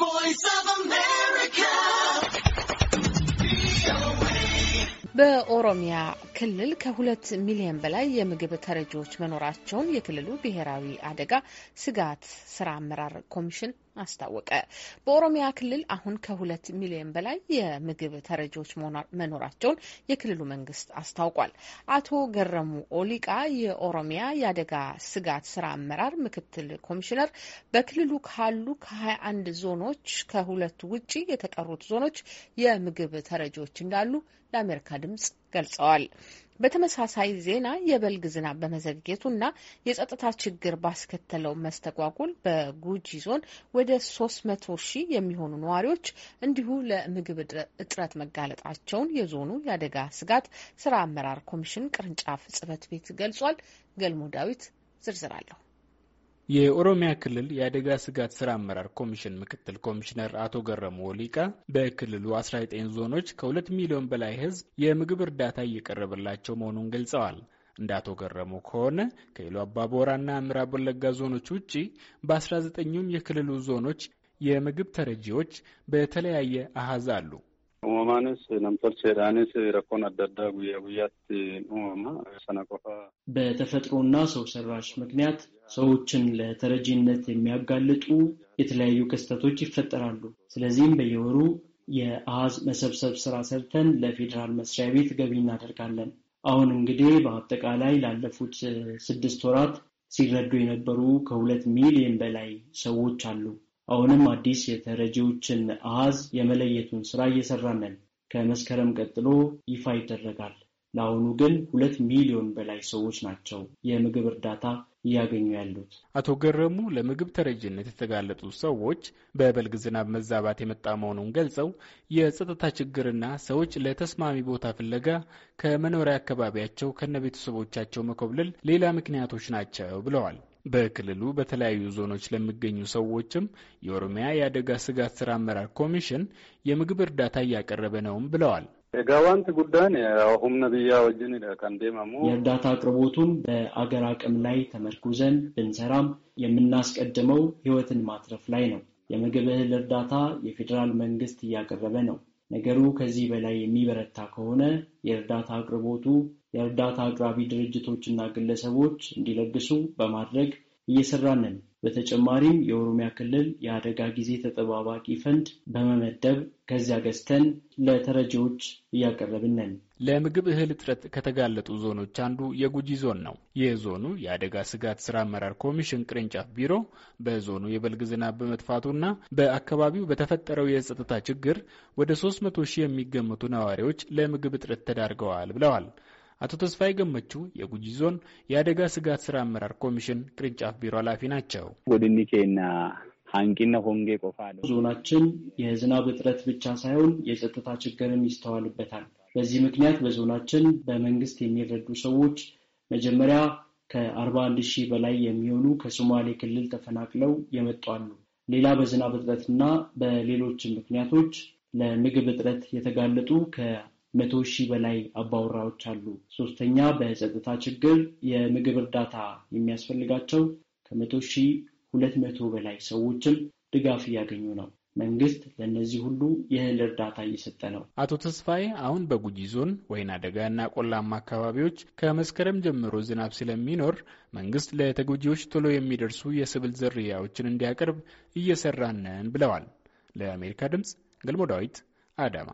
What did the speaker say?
voice በኦሮሚያ ክልል ከሁለት ሚሊዮን በላይ የምግብ ተረጂዎች መኖራቸውን የክልሉ ብሔራዊ አደጋ ስጋት ስራ አመራር ኮሚሽን አስታወቀ። በኦሮሚያ ክልል አሁን ከሁለት ሚሊዮን በላይ የምግብ ተረጂዎች መኖራቸውን የክልሉ መንግስት አስታውቋል። አቶ ገረሙ ኦሊቃ የኦሮሚያ የአደጋ ስጋት ስራ አመራር ምክትል ኮሚሽነር በክልሉ ካሉ ከሀያ አንድ ዞኖች ከሁለቱ ውጪ የተቀሩት ዞኖች የምግብ ተረጂዎች እንዳሉ ለአሜሪካ ድምጽ ገልጸዋል። በተመሳሳይ ዜና የበልግ ዝናብ በመዘግየቱና የጸጥታ ችግር ባስከተለው መስተጓጉል በጉጂ ዞን ወደ ሶስት መቶ ሺህ የሚሆኑ ነዋሪዎች እንዲሁ ለምግብ እጥረት መጋለጣቸውን የዞኑ የአደጋ ስጋት ስራ አመራር ኮሚሽን ቅርንጫፍ ጽህፈት ቤት ገልጿል። ገልሞ ዳዊት ዝርዝር አለሁ የኦሮሚያ ክልል የአደጋ ስጋት ስራ አመራር ኮሚሽን ምክትል ኮሚሽነር አቶ ገረሙ ወሊቃ በክልሉ 19 ዞኖች ከ2 ሚሊዮን በላይ ህዝብ የምግብ እርዳታ እየቀረበላቸው መሆኑን ገልጸዋል። እንደ አቶ ገረሙ ከሆነ ከኢሉ አባቦራና ምዕራብ ወለጋ ዞኖች ውጪ በ19ኙም የክልሉ ዞኖች የምግብ ተረጂዎች በተለያየ አሀዝ አሉ። ኡመማንስ ነምቶልቼዳንስ ረኮን አዳዳ ጉያ ጉያት ኡመማ ሰነቆፋ በተፈጥሮና ሰው ሰራሽ ምክንያት ሰዎችን ለተረጂነት የሚያጋልጡ የተለያዩ ክስተቶች ይፈጠራሉ። ስለዚህም በየወሩ የአሃዝ መሰብሰብ ስራ ሰርተን ለፌዴራል መስሪያ ቤት ገቢ እናደርጋለን። አሁን እንግዲህ በአጠቃላይ ላለፉት ስድስት ወራት ሲረዱ የነበሩ ከሁለት ሚሊዮን በላይ ሰዎች አሉ። አሁንም አዲስ የተረጂዎችን አሃዝ የመለየቱን ስራ እየሰራን ነን። ከመስከረም ቀጥሎ ይፋ ይደረጋል። ለአሁኑ ግን ሁለት ሚሊዮን በላይ ሰዎች ናቸው የምግብ እርዳታ እያገኙ ያሉት። አቶ ገረሙ ለምግብ ተረጅነት የተጋለጡ ሰዎች በበልግ ዝናብ መዛባት የመጣ መሆኑን ገልጸው የጸጥታ ችግርና ሰዎች ለተስማሚ ቦታ ፍለጋ ከመኖሪያ አካባቢያቸው ከነቤተሰቦቻቸው መኮብለል ሌላ ምክንያቶች ናቸው ብለዋል። በክልሉ በተለያዩ ዞኖች ለሚገኙ ሰዎችም የኦሮሚያ የአደጋ ስጋት ስራ አመራር ኮሚሽን የምግብ እርዳታ እያቀረበ ነውም ብለዋል። የእርዳታ አቅርቦቱን በአገር አቅም ላይ ተመርኩዘን ብንሰራም የምናስቀድመው ህይወትን ማትረፍ ላይ ነው። የምግብ እህል እርዳታ የፌዴራል መንግስት እያቀረበ ነው። ነገሩ ከዚህ በላይ የሚበረታ ከሆነ የእርዳታ አቅርቦቱ የእርዳታ አቅራቢ ድርጅቶችና ግለሰቦች እንዲለግሱ በማድረግ እየሰራን ነን። በተጨማሪም የኦሮሚያ ክልል የአደጋ ጊዜ ተጠባባቂ ፈንድ በመመደብ ከዚያ ገዝተን ለተረጂዎች እያቀረብን ነን። ለምግብ እህል እጥረት ከተጋለጡ ዞኖች አንዱ የጉጂ ዞን ነው። የዞኑ የአደጋ ስጋት ስራ አመራር ኮሚሽን ቅርንጫፍ ቢሮ በዞኑ የበልግ ዝናብ በመጥፋቱና በአካባቢው በተፈጠረው የጸጥታ ችግር ወደ 300 ሺህ የሚገመቱ ነዋሪዎች ለምግብ እጥረት ተዳርገዋል ብለዋል። አቶ ተስፋይ ገመቹ የጉጂ ዞን የአደጋ ስጋት ስራ አመራር ኮሚሽን ቅርንጫፍ ቢሮ ኃላፊ ናቸው። ጎድኒኬና አንቂነ ሆንጌ ቆፋ ዞናችን የዝናብ እጥረት ብቻ ሳይሆን የጸጥታ ችግርም ይስተዋልበታል። በዚህ ምክንያት በዞናችን በመንግስት የሚረዱ ሰዎች መጀመሪያ ከአርባ አንድ ሺህ በላይ የሚሆኑ ከሶማሌ ክልል ተፈናቅለው የመጡ አሉ። ሌላ በዝናብ እጥረትና በሌሎች ምክንያቶች ለምግብ እጥረት የተጋለጡ ከ መቶ ሺህ በላይ አባወራዎች አሉ። ሶስተኛ በጸጥታ ችግር የምግብ እርዳታ የሚያስፈልጋቸው ከመቶ ሺህ ሁለት መቶ በላይ ሰዎችም ድጋፍ እያገኙ ነው። መንግስት ለእነዚህ ሁሉ የእህል እርዳታ እየሰጠ ነው። አቶ ተስፋዬ አሁን በጉጂ ዞን ወይና እና ቆላማ አካባቢዎች ከመስከረም ጀምሮ ዝናብ ስለሚኖር መንግስት ለተጎጂዎች ቶሎ የሚደርሱ የሰብል ዝርያዎችን እንዲያቀርብ እየሰራንን ብለዋል። ለአሜሪካ ድምፅ ገልሞ ዳዊት አዳማ